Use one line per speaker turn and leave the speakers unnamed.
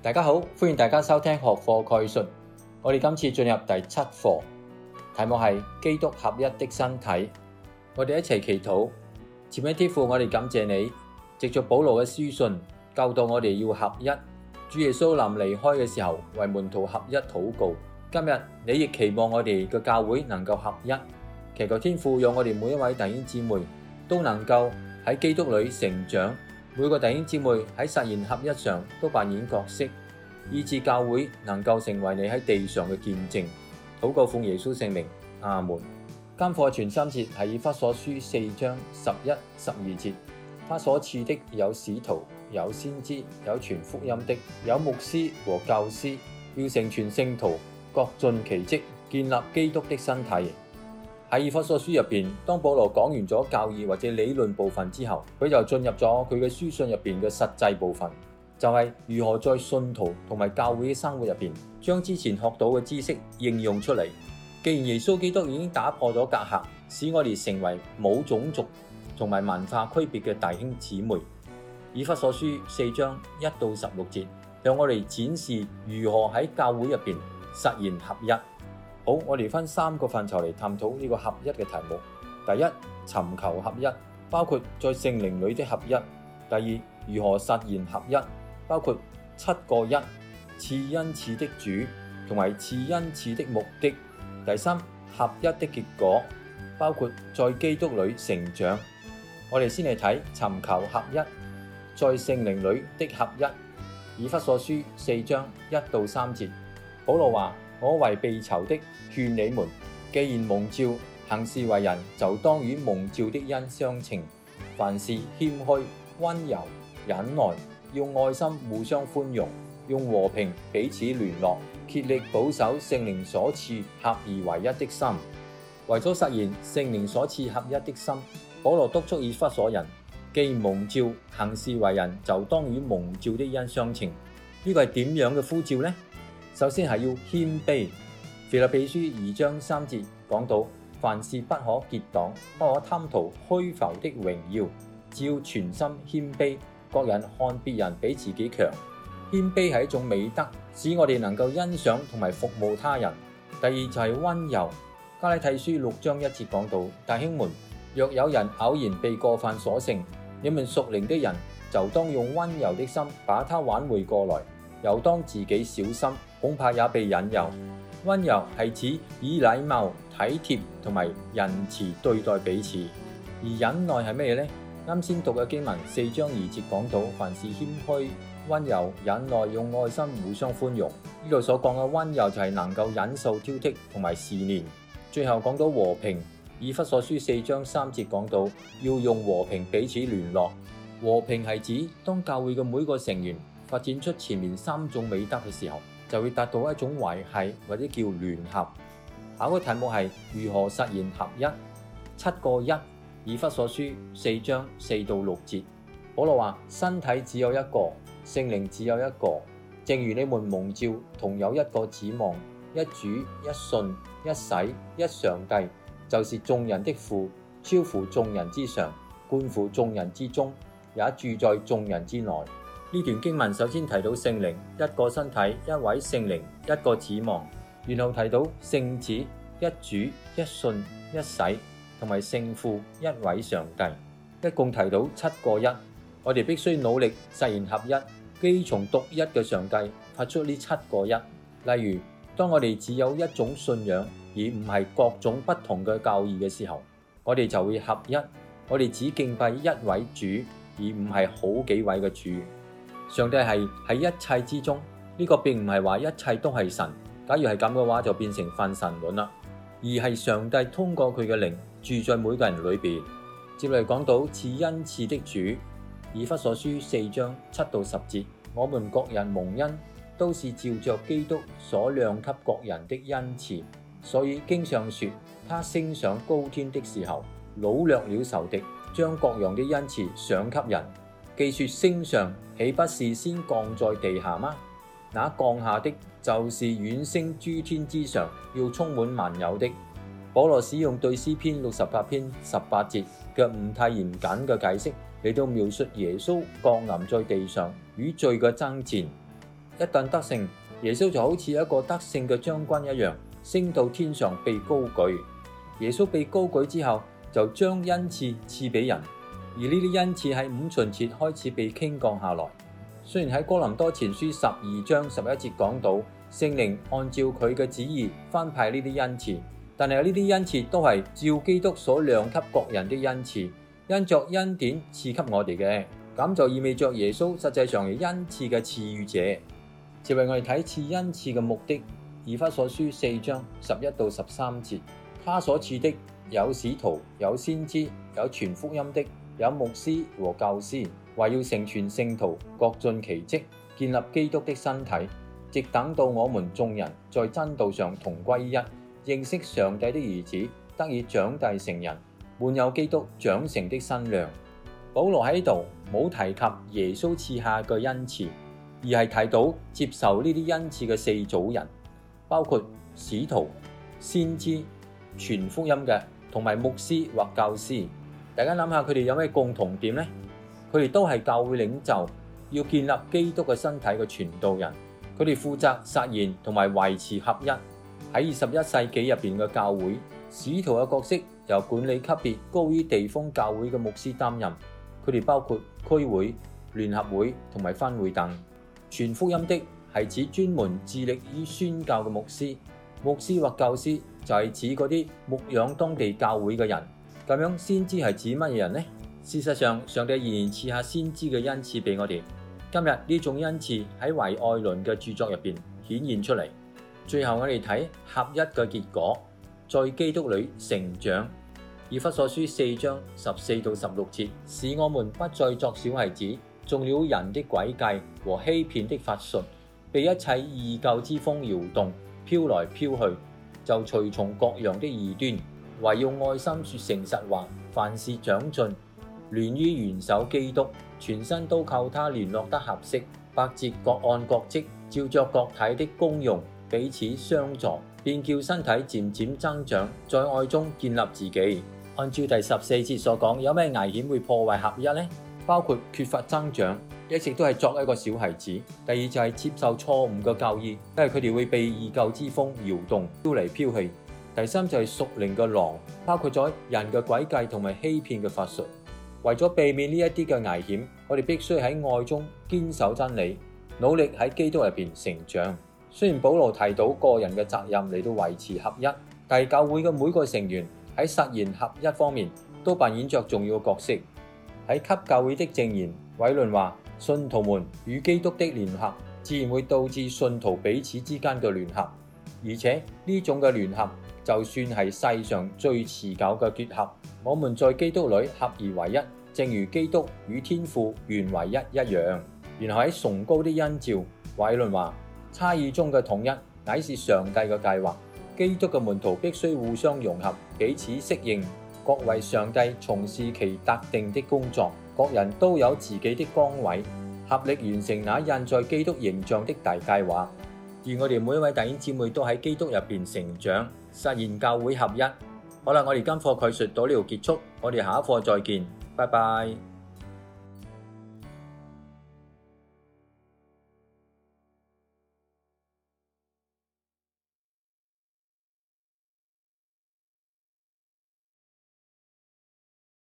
大家好，歡迎大家收聽學課概述。我哋今次進入第七課，題目係基督合一的身體。我哋一齊祈禱。前面天父，我哋感謝你，藉着保羅嘅書信教導我哋要合一。主耶穌臨離開嘅時候，為門徒合一禱告。今日你亦期望我哋嘅教會能夠合一，祈求天父，讓我哋每一位弟兄姊妹都能夠喺基督裏成長。每個弟兄姊妹喺實現合一上都扮演角色，以致教會能夠成為你喺地上嘅見證。禱告奉耶穌聖名，阿門。金課全三節係以弗所書四章十一、十二節他所賜的有使徒，有先知，有傳福音的，有牧師和教師，要成全聖徒，各盡其職，建立基督的身體。喺以弗所書入面，當保羅講完咗教義或者理論部分之後，佢就進入咗佢嘅書信入面嘅實際部分，就係如何在信徒同埋教會嘅生活入面，將之前學到嘅知識應用出嚟。既然耶穌基督已經打破咗隔閡，使我哋成為冇種族同埋文化區別嘅弟兄姊妹，以弗所書四章一到十六節向我哋展示如何喺教會入面實現合一。好，我哋分三個範疇嚟探討呢個合一嘅題目。第一，尋求合一，包括在聖靈裏的合一；第二，如何實現合一，包括七個一，次因次的主，同埋次因次的目的；第三，合一的結果，包括在基督裏成長。我哋先嚟睇尋求合一，在聖靈裏的合一，以弗所書四章一到三節，保羅話。我為被囚的勸你們，既然蒙召行事為人，就當與蒙召的恩相稱。凡事謙虛、溫柔、忍耐，用愛心互相寬容，用和平彼此聯絡，竭力保守聖靈所賜合而為一的心。為咗實現聖靈所賜合一的心，保羅督促以弗所人：既蒙召行事為人，就當與蒙召的恩相稱。呢個係點樣嘅呼召呢？首先係要謙卑。腓立比書二章三節講到，凡事不可結黨，不可貪圖虛浮的榮耀，只要全心謙卑，各人看別人比自己強。謙卑係一種美德，使我哋能夠欣賞同埋服務他人。第二就係温柔。加拉太書六章一節講到，弟兄們，若有人偶然被過犯所勝，你們屬靈的人就當用温柔的心把他挽回過來，又當自己小心。恐怕也被引誘。溫柔係指以禮貌、體貼同埋仁慈對待彼此，而忍耐係咩嘢咧？啱先讀嘅經文四章二節講到，凡事謙虛、溫柔、忍耐，用愛心互相寬容。呢度所講嘅溫柔就係能夠忍受挑剔同埋試煉。最後講到和平，以弗所書四章三節講到，要用和平彼此聯絡。和平係指當教會嘅每個成員發展出前面三種美德嘅時候。就會達到一種維繫，或者叫聯合。下個題目係如何實現合一？七個一，以弗所書四章四到六節。保羅話：身體只有一個，聖靈只有一個，正如你們蒙召，同有一個指望，一主、一信、一洗、一上帝，就是眾人的父，超乎眾人之上，冠乎眾人之中，也住在眾人之內。呢段經文首先提到聖靈，一個身體、一位聖靈、一個指望，然後提到聖子，一主、一信、一洗，同埋聖父，一位上帝，一共提到七個一。我哋必須努力實現合一，基從獨一嘅上帝發出呢七個一。例如，當我哋只有一種信仰而唔係各種不同嘅教義嘅時候，我哋就會合一。我哋只敬拜一位主而唔係好幾位嘅主。上帝係喺一切之中，呢、這個並唔係話一切都係神。假如係咁嘅話，就變成泛神論啦。而係上帝通過佢嘅靈住在每個人裏邊。接嚟講到似恩賜的主，以弗所書四章七到十節，我們各人蒙恩都是照着基督所量給各人的恩賜，所以經常説他升上高天的時候，擄掠了仇敵，將各樣的恩賜賞給人。既說升上，豈不是先降在地下嗎？那降下的就是遠升諸天之上，要充滿萬有的。保羅使用對詩篇六十八篇十八節嘅唔太嚴謹嘅解釋嚟到描述耶穌降臨在地上與罪嘅爭戰。一旦得勝，耶穌就好似一個得勝嘅將軍一樣，升到天上被高舉。耶穌被高舉之後，就將恩賜賜俾人。而呢啲恩賜喺五旬節開始被傾降下來。雖然喺哥林多前書十二章十一節講到聖靈按照佢嘅旨意分派呢啲恩賜，但係呢啲恩賜都係照基督所量給各人的恩賜，因作恩典賜給我哋嘅，咁就意味著耶穌實際上係恩賜嘅賜予者。接嚟我哋睇賜恩賜嘅目的，以弗所書四章十一到十三節，他所賜的有使徒，有先知，有傳福音的。有牧師和教師，為要成全聖徒，各盡其職，建立基督的身體，直等到我們眾人在真道上同歸一，認識上帝的兒子，得以長大成人，滿有基督長成的身量。保羅喺度冇提及耶穌賜下嘅恩賜，而係提到接受呢啲恩賜嘅四組人，包括使徒、先知、傳福音嘅，同埋牧師或教師。大家諗下，佢哋有咩共同點呢？佢哋都係教會領袖，要建立基督嘅身體嘅傳道人。佢哋負責實現同埋維持合一喺二十一世紀入邊嘅教會。使徒嘅角色由管理級別高於地方教會嘅牧師擔任。佢哋包括區會、聯合會同埋分會等。傳福音的係指專門致力於宣教嘅牧師。牧師或教師就係指嗰啲牧養當地教會嘅人。咁樣先知係指乜嘢人呢？事實上，上帝仍然賜下先知嘅恩賜俾我哋。今日呢種恩賜喺懷愛倫嘅著作入邊顯現出嚟。最後我哋睇合一嘅結果，在基督裡成長。以弗所書四章十四到十六節，使我們不再作小孩子，中了人的詭計和欺騙的法術，被一切異教之風搖動，飄來飄去，就隨從各樣的異端。唯用愛心說誠實話，凡事長進，聯於元首基督，全身都靠他聯絡得合適。百節各按各職，照着各體的功用彼此相助，便叫身體漸漸增長，在愛中建立自己。按照第十四節所講，有咩危險會破壞合一呢？包括缺乏增長，一直都係作為一個小孩子；第二就係接受錯誤嘅教義，因為佢哋會被異教之風搖動，飄嚟飄去。第三就係屬靈嘅狼，包括咗人嘅詭計同埋欺騙嘅法術。為咗避免呢一啲嘅危險，我哋必須喺愛中堅守真理，努力喺基督入邊成長。雖然保羅提到個人嘅責任嚟到維持合一，但教會嘅每個成員喺實現合一方面都扮演着重要嘅角色。喺給教會的證言，委倫話：「信徒們與基督的聯合，自然會導致信徒彼此之間嘅聯合，而且呢種嘅聯合，就算係世上最持久嘅結合，我們在基督裏合而為一，正如基督與天父原為一一樣。然後喺崇高的恩召，偉倫話：差異中嘅統一乃是上帝嘅計劃。基督嘅門徒必須互相融合，彼此適應，各為上帝從事其特定的工作。各人都有自己的崗位，合力完成那印在基督形象的大計劃。而我哋每一位弟兄姐妹都喺基督入邊成長。實現教會合一。好啦，我哋今課講説到了結束，我哋下一課再見，拜拜。